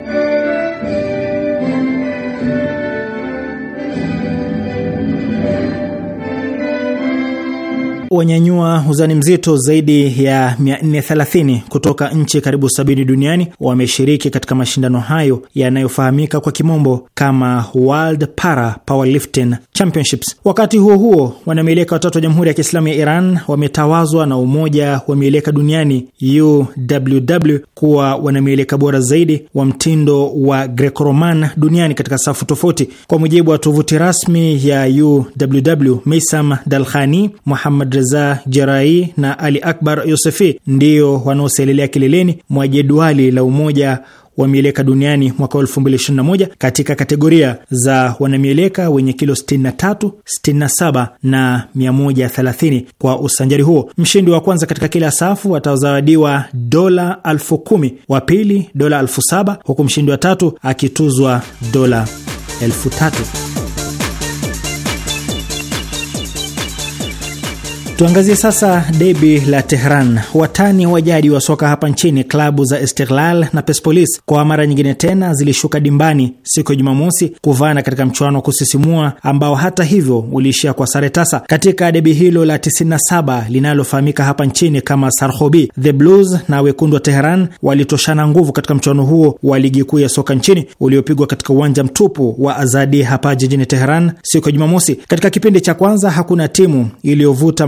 Wanyanyua uzani mzito zaidi ya 430 kutoka nchi karibu sabini duniani wameshiriki katika mashindano hayo yanayofahamika kwa kimombo kama World Para Powerlifting Championships. Wakati huo huo, wanamieleka watatu wa Jamhuri ya Kiislamu ya Iran wametawazwa na Umoja wa Mieleka Duniani UWW kuwa wanamieleka bora zaidi wa mtindo wa Greco-Roman duniani katika safu tofauti. Kwa mujibu wa tovuti rasmi ya UWW, Meisam Dalkhani, Muhammad Reza Jerai na Ali Akbar Yosefi ndiyo wanaoselelea kileleni mwa jedwali la umoja wa mieleka duniani mwaka 2021 katika kategoria za wanamieleka wenye kilo 63, 67 na 130 kwa usanjari huo. Mshindi wa kwanza katika kila safu atazawadiwa dola elfu kumi, wa pili dola elfu saba, huku mshindi wa tatu akituzwa dola elfu tatu. Tuangazie sasa debi la Tehran. Watani wa jadi wa soka hapa nchini, klabu za Istiklal na Persepolis kwa mara nyingine tena zilishuka dimbani siku ya Jumamosi kuvana katika mchuano wa kusisimua ambao hata hivyo uliishia kwa sare tasa. Katika debi hilo la 97 linalofahamika hapa nchini kama Sarhobi, the Blues na wekundu wa Teheran walitoshana nguvu katika mchuano huo wa ligi kuu ya soka nchini uliopigwa katika uwanja mtupu wa Azadi hapa jijini Teheran siku ya Jumamosi. Katika kipindi cha kwanza hakuna timu iliyovuta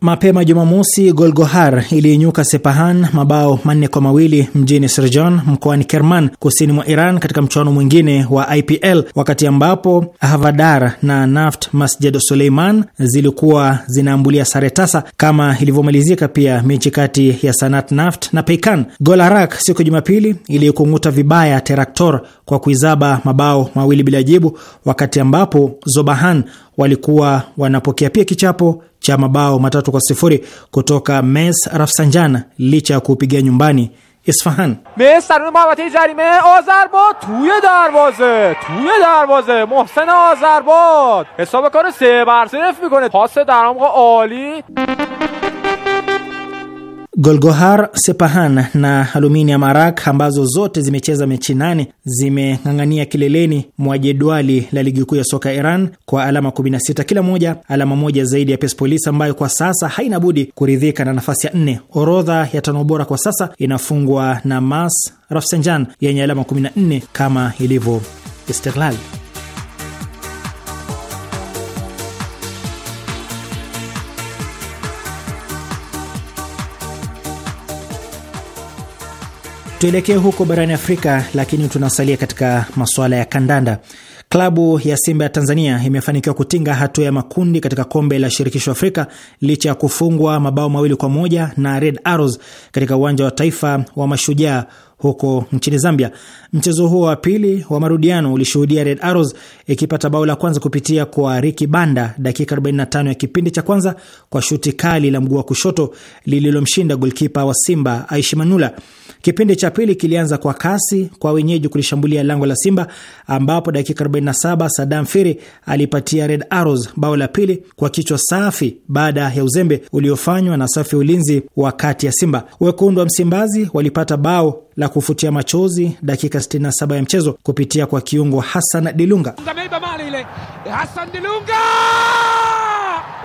Mapema Jumamosi, Golgohar iliinyuka Sepahan mabao manne kwa mawili mjini Sirjan mkoani Kerman kusini mwa Iran katika mchuano mwingine wa IPL, wakati ambapo Havadar na Naft Masjid Suleiman zilikuwa zinaambulia sare tasa, kama ilivyomalizika pia mechi kati ya Sanat Naft na Peikan. Gol Arak siku ya Jumapili iliikung'uta vibaya Teraktor kwa kuizaba mabao mawili bila jibu, wakati ambapo Zobahan walikuwa wanapokea pia kichapo cha mabao matatu kwa sifuri kutoka Mes Rafsanjana licha ya kupiga nyumbani Isfahan. Mes Rafsanjana mabati jarime Azarbo tuye darwaze tuye darwaze Mohsen Azarbo hesab kare 3 bar sirf mikone pas daram ali Golgohar Sepahan na Aluminium Arak ambazo zote zimecheza mechi nane zimeng'ang'ania kileleni mwa jedwali la ligi kuu ya soka Iran kwa alama 16 kila moja, alama moja zaidi ya Persepolis ambayo kwa sasa haina budi kuridhika na nafasi ya nne. Orodha ya tano bora kwa sasa inafungwa na Mas Rafsanjan yenye alama 14 kama ilivyo Istiklal. Tuelekee huko barani Afrika, lakini tunasalia katika masuala ya kandanda. Klabu ya Simba ya Tanzania imefanikiwa kutinga hatua ya makundi katika kombe la shirikisho Afrika licha ya kufungwa mabao mawili kwa moja na Red Arrows katika uwanja wa taifa wa Mashujaa huko nchini Zambia. Mchezo huo wa pili wa marudiano ulishuhudia Red Arrows ikipata bao la kwanza kupitia kwa Riki Banda dakika 45 ya kipindi cha kwanza kwa shuti kali la mguu wa kushoto lililomshinda golkipa wa Simba Aishi Manula. Kipindi cha pili kilianza kwa kasi kwa wenyeji kulishambulia lango la Simba, ambapo dakika 47 Sadam Firi alipatia Red Arrows bao la pili kwa kichwa safi baada ya uzembe uliofanywa na safi ya ulinzi wa kati ya Simba. Wekundu wa Msimbazi walipata bao la kufutia machozi dakika 67 ya mchezo kupitia kwa kiungo Hassan Dilunga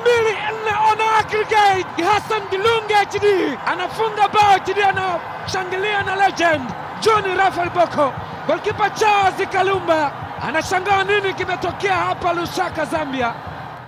mbili nne, on aggregate. Hassan Dilunge HD anafunga bao HD, anashangilia na legend John Rafael Boko. Golkipa Charles Kalumba anashangaa nini kimetokea hapa Lusaka, Zambia.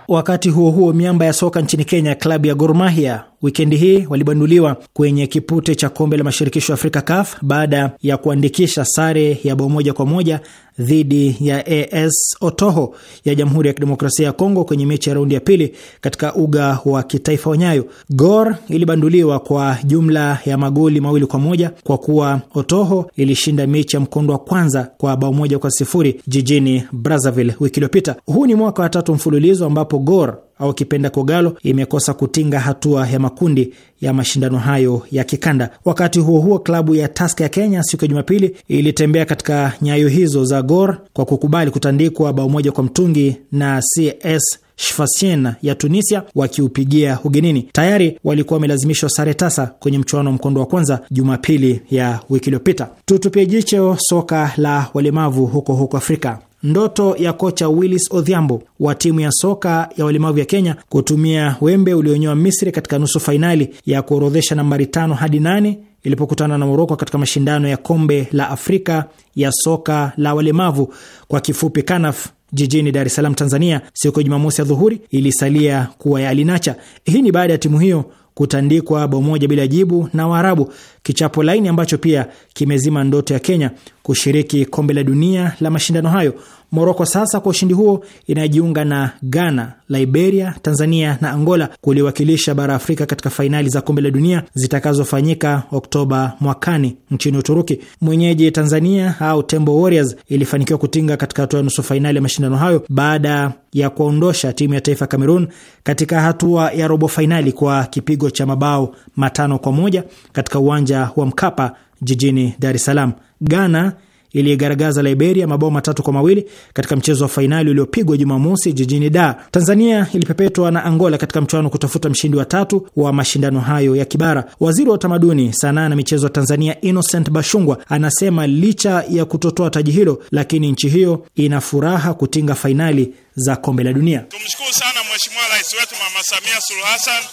Wakati huo huo, miamba ya soka nchini Kenya, klabu ya Gor Mahia wikendi hii walibanduliwa kwenye kipute cha kombe la mashirikisho ya Afrika CAF baada ya kuandikisha sare ya bao moja kwa moja dhidi ya AS Otoho ya Jamhuri ya Kidemokrasia ya Kongo kwenye mechi ya raundi ya pili katika uga wa kitaifa wa Nyayo. Gor ilibanduliwa kwa jumla ya magoli mawili kwa moja kwa kuwa Otoho ilishinda mechi ya mkondo wa kwanza kwa bao moja kwa sifuri jijini Brazzaville wiki iliyopita. Huu ni mwaka wa tatu mfululizo ambapo Gor au kipenda Kogalo imekosa kutinga hatua ya makundi ya mashindano hayo ya kikanda. Wakati huo huo, klabu ya taska ya Kenya siku ya Jumapili ilitembea katika nyayo hizo za Gor kwa kukubali kutandikwa bao moja kwa mtungi na CS Sfaxien ya Tunisia wakiupigia ugenini. Tayari walikuwa wamelazimishwa sare tasa kwenye mchuano wa mkondo wa kwanza Jumapili ya wiki iliyopita. Tutupie jicho soka la walemavu huko huko Afrika. Ndoto ya kocha Willis Odhiambo wa timu ya soka ya walemavu ya Kenya kutumia wembe ulionyoa Misri katika nusu fainali ya kuorodhesha nambari tano hadi nane ilipokutana na Moroko katika mashindano ya kombe la Afrika ya soka la walemavu kwa kifupi KANAF jijini Dar es Salaam, Tanzania, siku ya Jumamosi ya dhuhuri ilisalia kuwa ya alinacha. Hii ni baada ya timu hiyo kutandikwa bao moja bila jibu na Waarabu, kichapo laini ambacho pia kimezima ndoto ya Kenya kushiriki kombe la dunia la mashindano hayo. Moroko sasa kwa ushindi huo inajiunga na Ghana, Liberia, Tanzania na Angola kuliwakilisha bara Afrika katika fainali za kombe la dunia zitakazofanyika Oktoba mwakani nchini Uturuki. Mwenyeji Tanzania au Tembo Warriors ilifanikiwa kutinga katika hatua ya nusu fainali ya mashindano hayo baada ya kuondosha timu ya taifa Cameroon katika hatua ya robo fainali kwa kipigo cha mabao matano kwa moja katika uwanja wa Mkapa jijini Dar es Salaam. Ghana iliigaragaza Liberia mabao matatu kwa mawili katika mchezo wa fainali uliopigwa Jumamosi jijini Dar. Tanzania ilipepetwa na Angola katika mchuano kutafuta mshindi wa tatu wa mashindano hayo ya kibara. Waziri wa utamaduni, sanaa na michezo wa Tanzania Innocent Bashungwa anasema licha ya kutotoa taji hilo, lakini nchi hiyo ina furaha kutinga fainali za kombe la dunia. Tumshukuru sana Mheshimiwa Rais wetu Mama Samia Suluhu Hassan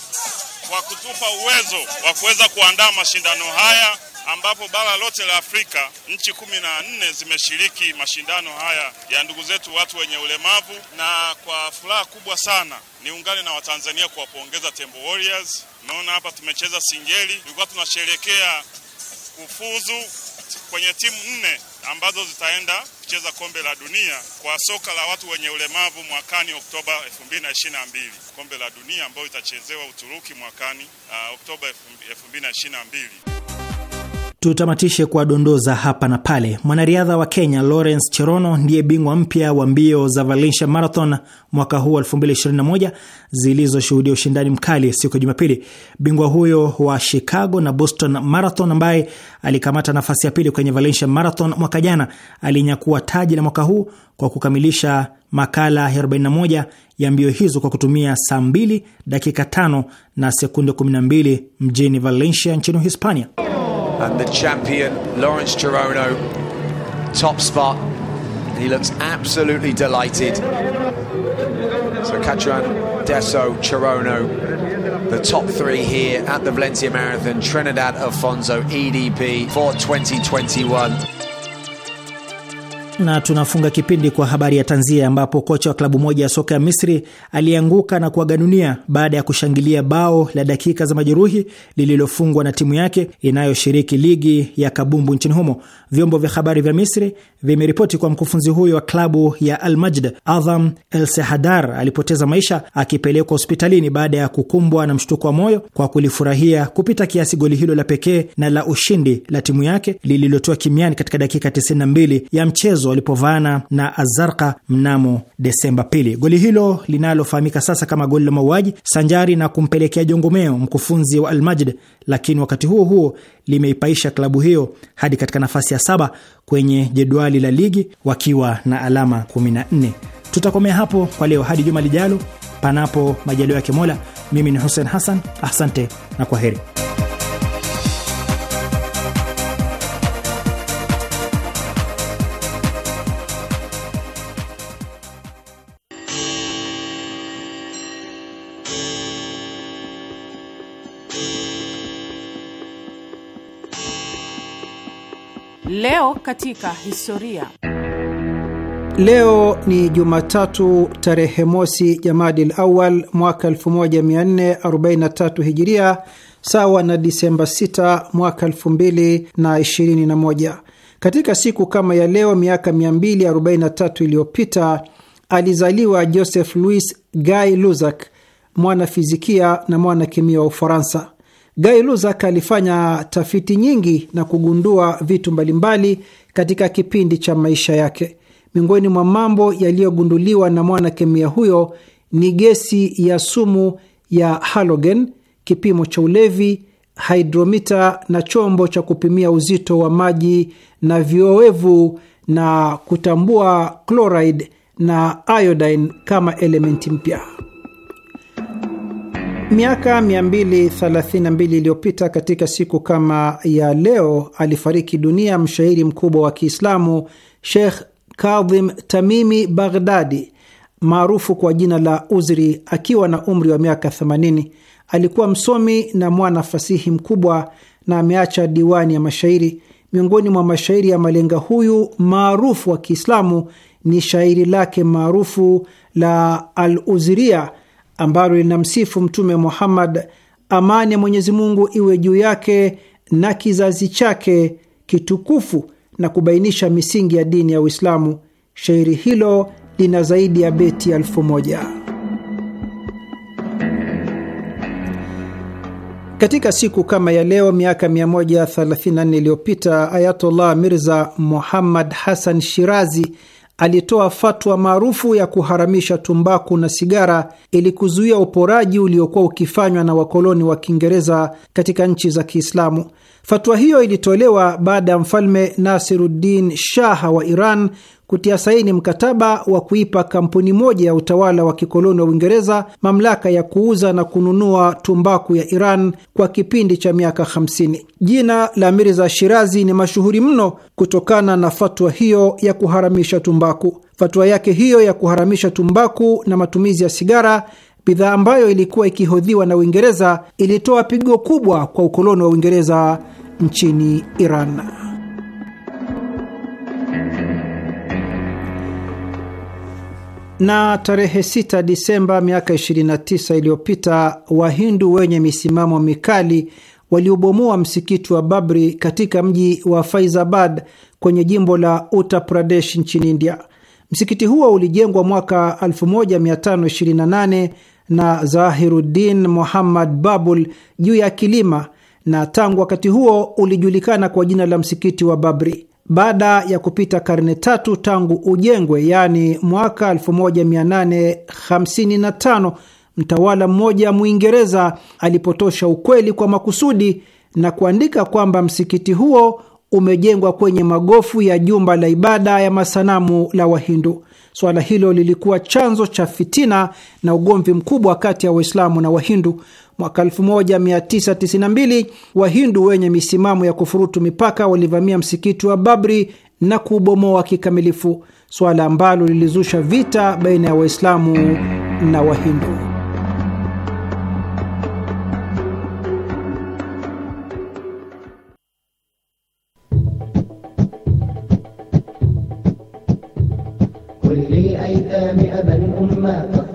kwa kutupa uwezo wa kuweza kuandaa mashindano haya ambapo bara lote la Afrika nchi kumi na nne zimeshiriki mashindano haya ya ndugu zetu watu wenye ulemavu, na kwa furaha kubwa sana niungane na Watanzania kuwapongeza Tembo Warriors. Umeona hapa tumecheza singeli, tulikuwa tunasherekea kufuzu kwenye timu nne ambazo zitaenda kucheza kombe la dunia kwa soka la watu wenye ulemavu mwakani Oktoba 2022, kombe la dunia ambayo itachezewa Uturuki mwakani uh, Oktoba 2022. Tutamatishe kwa dondoo za hapa na pale. Mwanariadha wa Kenya Lawrence Cherono ndiye bingwa mpya wa mbio za Valencia Marathon mwaka huu 2021 zilizoshuhudia ushindani mkali siku ya Jumapili. Bingwa huyo wa Chicago na Boston Marathon ambaye alikamata nafasi ya pili kwenye Valencia Marathon mwaka jana alinyakua taji la mwaka huu kwa kukamilisha makala 41 ya mbio hizo kwa kutumia saa 2 dakika 5 na sekunde 12 mjini Valencia nchini Hispania. and the champion Lawrence Chirono, top spot. He looks absolutely delighted. So Catran, Deso, Chirono, the top three here at the Valencia Marathon. Trinidad Alfonso, EDP for 2021. na tunafunga kipindi kwa habari ya tanzia, ambapo kocha wa klabu moja ya soka ya Misri alianguka na kuaga dunia baada ya kushangilia bao la dakika za majeruhi lililofungwa na timu yake inayoshiriki ligi ya kabumbu nchini humo. Vyombo vya habari vya Misri vimeripoti kwa mkufunzi huyo wa klabu ya Al Majd Adham El Sehadar alipoteza maisha akipelekwa hospitalini baada ya kukumbwa na mshtuko wa moyo kwa kulifurahia kupita kiasi goli hilo la pekee na la ushindi la timu yake lililotoa kimiani katika dakika 92 ya mchezo mchezo walipovaana na Azarka mnamo Desemba pili. Goli hilo linalofahamika sasa kama goli la mauaji, sanjari na kumpelekea jongomeo mkufunzi wa Almajd, lakini wakati huo huo limeipaisha klabu hiyo hadi katika nafasi ya saba kwenye jedwali la ligi wakiwa na alama 14. Tutakomea hapo kwa leo hadi juma lijalo, panapo majaliwa yake Mola. Mimi ni Hussein Hassan, asante na kwa heri. Leo katika historia. Leo ni Jumatatu tarehe mosi Jamadil Awal mwaka 1443 Hijiria, sawa na Disemba 6 mwaka 2021. Katika siku kama ya leo miaka 243 iliyopita alizaliwa Joseph Louis Guy luzak mwana fizikia na mwana kemia wa Ufaransa. Guy Luzak alifanya tafiti nyingi na kugundua vitu mbalimbali katika kipindi cha maisha yake. Miongoni mwa mambo yaliyogunduliwa na mwanakemia huyo ni gesi ya sumu ya halogen, kipimo cha ulevi, hidromita na chombo cha kupimia uzito wa maji na vioevu na kutambua chloride na iodine kama elementi mpya. Miaka 232 iliyopita katika siku kama ya leo alifariki dunia mshairi mkubwa wa Kiislamu Sheikh Kadhim Tamimi Baghdadi maarufu kwa jina la Uzri akiwa na umri wa miaka 80. Alikuwa msomi na mwana fasihi mkubwa na ameacha diwani ya mashairi. Miongoni mwa mashairi ya malenga huyu maarufu wa Kiislamu ni shairi lake maarufu la al uziria ambalo linamsifu Mtume Muhammad, amani ya Mwenyezi Mungu iwe juu yake na kizazi chake kitukufu, na kubainisha misingi ya dini ya Uislamu. Shairi hilo lina zaidi ya beti elfu moja. Katika siku kama ya leo miaka 134 iliyopita Ayatollah Mirza Muhammad Hassan Shirazi alitoa fatwa maarufu ya kuharamisha tumbaku na sigara ili kuzuia uporaji uliokuwa ukifanywa na wakoloni wa Kiingereza katika nchi za Kiislamu. Fatwa hiyo ilitolewa baada ya mfalme Nasiruddin Shah wa Iran kutia saini mkataba wa kuipa kampuni moja ya utawala wa kikoloni wa Uingereza mamlaka ya kuuza na kununua tumbaku ya Iran kwa kipindi cha miaka 50. Jina la Mirza Shirazi ni mashuhuri mno kutokana na fatwa hiyo ya kuharamisha tumbaku. Fatwa yake hiyo ya kuharamisha tumbaku na matumizi ya sigara bidhaa ambayo ilikuwa ikihodhiwa na Uingereza ilitoa pigo kubwa kwa ukoloni wa Uingereza nchini Iran. Na tarehe 6 Disemba miaka 29 iliyopita, Wahindu wenye misimamo mikali waliobomoa msikiti wa Babri katika mji wa Faizabad kwenye jimbo la Uttar Pradesh nchini India. Msikiti huo ulijengwa mwaka 1528 na Zahiruddin Muhammad Babul juu ya kilima, na tangu wakati huo ulijulikana kwa jina la msikiti wa Babri baada ya kupita karne tatu tangu ujengwe, yaani mwaka 1855 mtawala mmoja Mwingereza alipotosha ukweli kwa makusudi na kuandika kwamba msikiti huo umejengwa kwenye magofu ya jumba la ibada ya masanamu la Wahindu. Suala hilo lilikuwa chanzo cha fitina na ugomvi mkubwa kati ya Waislamu na Wahindu mwaka 1992 Wahindu wenye misimamo ya kufurutu mipaka walivamia msikiti wa Babri na kuubomoa kikamilifu, suala ambalo lilizusha vita baina ya Waislamu na Wahindu.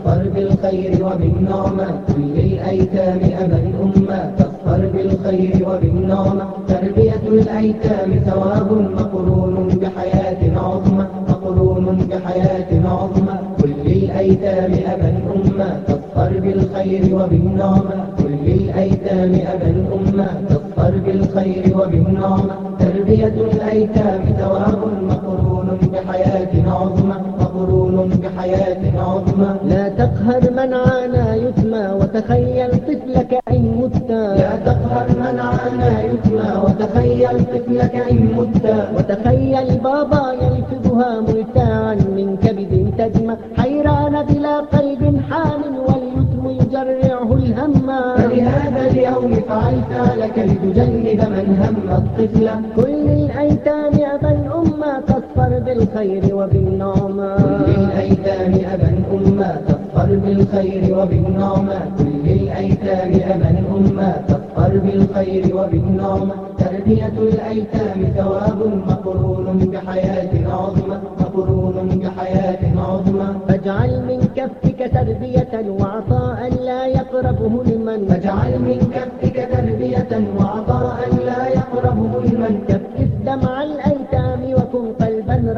فاظفر بالخير وبالنعمة للأيتام أبا الأمة فاظفر بالخير وبالنعمة تربية الأيتام ثواب مقرون بحياة عظمى مقرون بحياة عظمى كل للأيتام أبا الأمة فاظفر بالخير وبالنعمة كل للأيتام أبا الأمة فاظفر بالخير وبالنعمة تربية الأيتام ثواب مقرون بحياة عظمى مرور بحياة عظمى لا تقهر من عانى يتمى وتخيل طفلك إن مت لا تقهر من عانى يتمى وتخيل طفلك إن مت وتخيل بابا يلفظها ملتاعا من كبد تدمى حيران بلا قلب حان واليتم يجرعه الهم فلهذا اليوم فعلت لك لتجنب من هم الطفل كل الأيتام أظن كفر بالخير وبالنعمة كل الأيتام أبا أما كفر بالخير وبالنعمة كل الأيتام أبا أما كفر بالخير وبالنعمة تربية الأيتام ثواب مقرون بحياة عظمى مقرون بحياة عظمى فاجعل من كفك تربية وعطاء لا يقربه لمن فاجعل من كفك تربية وعطاء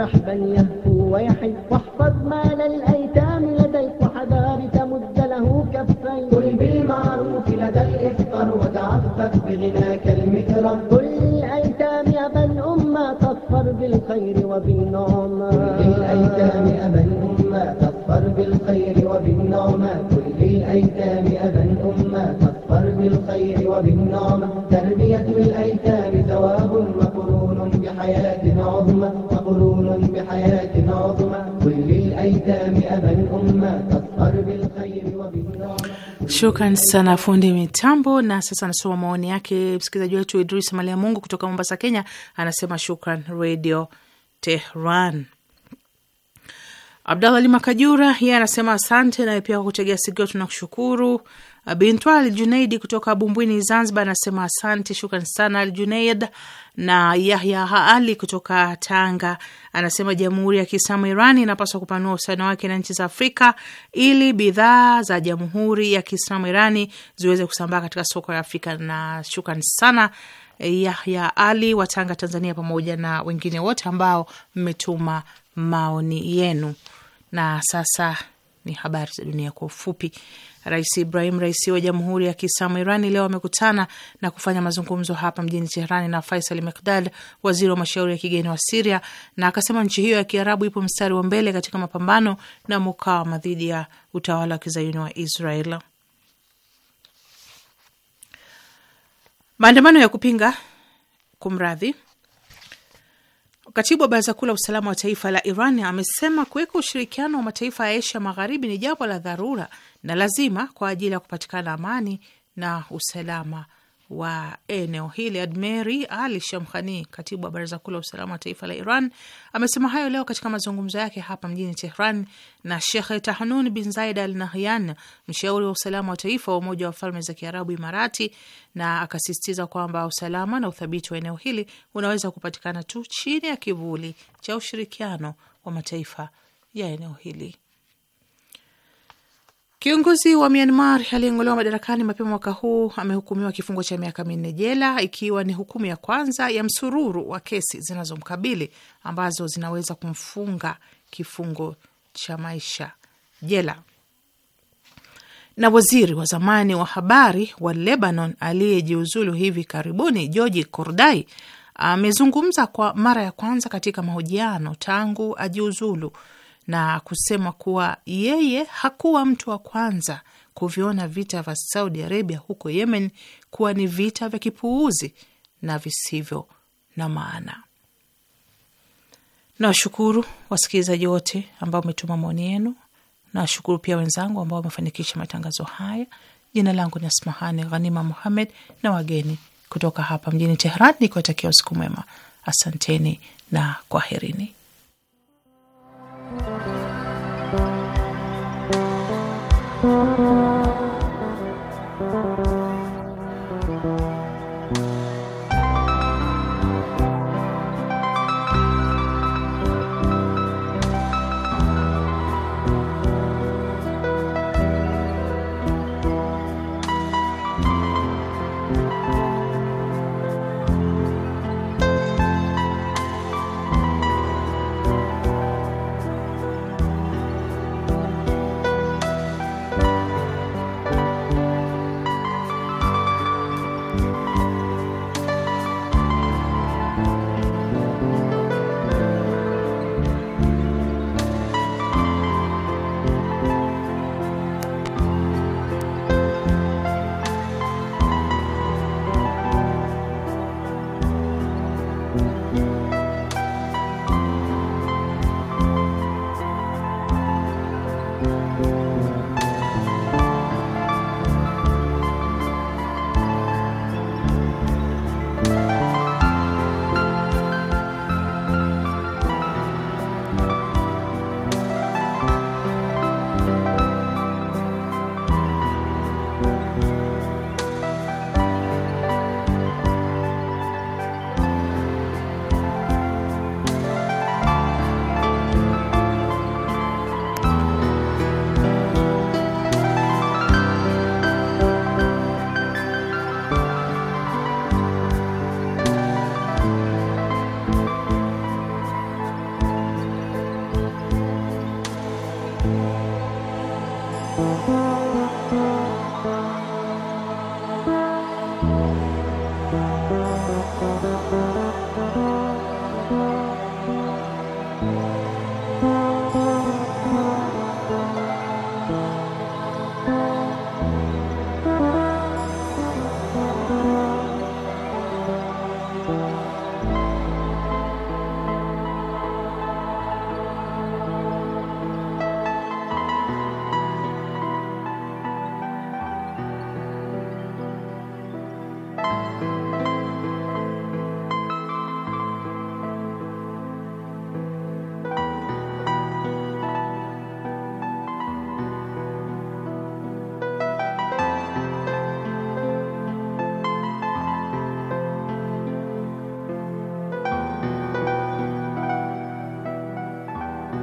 رحبا يهفو ويحب واحفظ مال الأيتام لديك وحذار تمد له كفين قل بالمعروف لدى الإفطر وتعفف بغناك المكرم قل للأيتام أبا أما تظفر بالخير وبالنعمة قل للأيتام أبا أما تظفر بالخير وبالنعمة قل للأيتام أبا أما تظفر بالخير وبالنعمة تربية الأيتام ثواب Shukran sana fundi mitambo. Na sasa anasoma maoni yake msikilizaji wetu Idris Malia Mungu kutoka Mombasa, Kenya. Anasema shukran Radio Tehran. Abdallah Ali Makajura yeye anasema asante, naye pia kwa kutegea sikio tunakushukuru. Bintwa Junaidi kutoka Bumbwini, Zanzibar, anasema asante, shukran sana Aljunaid na Yahya Ali kutoka Tanga anasema Jamhuri ya Kiislamu Iran inapaswa kupanua uhusiano wake na nchi za Afrika ili bidhaa za Jamhuri ya Kiislamu Irani ziweze kusambaa katika soko la Afrika. Na shukrani sana eh, Yahya Ali wa Tanga, Tanzania, pamoja na wengine wote ambao mmetuma maoni yenu. Na sasa ni habari za dunia kwa ufupi. Rais Ibrahim Raisi wa Jamhuri ya Kiislamu Irani leo amekutana na kufanya mazungumzo hapa mjini Tehrani na Faisal mikdad waziri wa mashauri ya kigeni wa Siria, na akasema nchi hiyo ya Kiarabu ipo mstari wa mbele katika mapambano na mukawama dhidi ya utawala wa kizayuni wa Israel. Maandamano ya kupinga kumradhi Katibu wa Baraza Kuu la Usalama wa Taifa la Iran amesema kuweka ushirikiano wa mataifa ya Asia Magharibi ni jambo la dharura na lazima kwa ajili ya kupatikana amani na usalama wa eneo hili Admeri Ali Shamkhani, katibu wa baraza kuu la usalama wa taifa la Iran, amesema hayo leo katika mazungumzo yake hapa mjini Tehran na Shekhe Tahnun bin Zaid Al Nahyan, mshauri wa usalama wa taifa wa Umoja wa Falme za Kiarabu Imarati, na akasisitiza kwamba usalama na uthabiti wa eneo hili unaweza kupatikana tu chini ya kivuli cha ushirikiano wa mataifa ya eneo hili. Kiongozi wa Myanmar aliyeng'olewa madarakani mapema mwaka huu amehukumiwa kifungo cha miaka minne jela, ikiwa ni hukumu ya kwanza ya msururu wa kesi zinazomkabili ambazo zinaweza kumfunga kifungo cha maisha jela. Na waziri wa zamani wa habari wa Lebanon aliyejiuzulu hivi karibuni Georgi Kordai amezungumza kwa mara ya kwanza katika mahojiano tangu ajiuzulu na kusema kuwa yeye hakuwa mtu wa kwanza kuviona vita vya Saudi Arabia huko Yemen kuwa ni vita vya kipuuzi na visivyo na maana. Nawashukuru wasikilizaji wote ambao umetuma maoni yenu. Nawashukuru pia wenzangu ambao wamefanikisha matangazo haya. Jina langu ni Asmahani Ghanima Muhammed na wageni kutoka hapa mjini Tehran nikiwatakia usiku mwema. Asanteni na kwaherini. Thank you.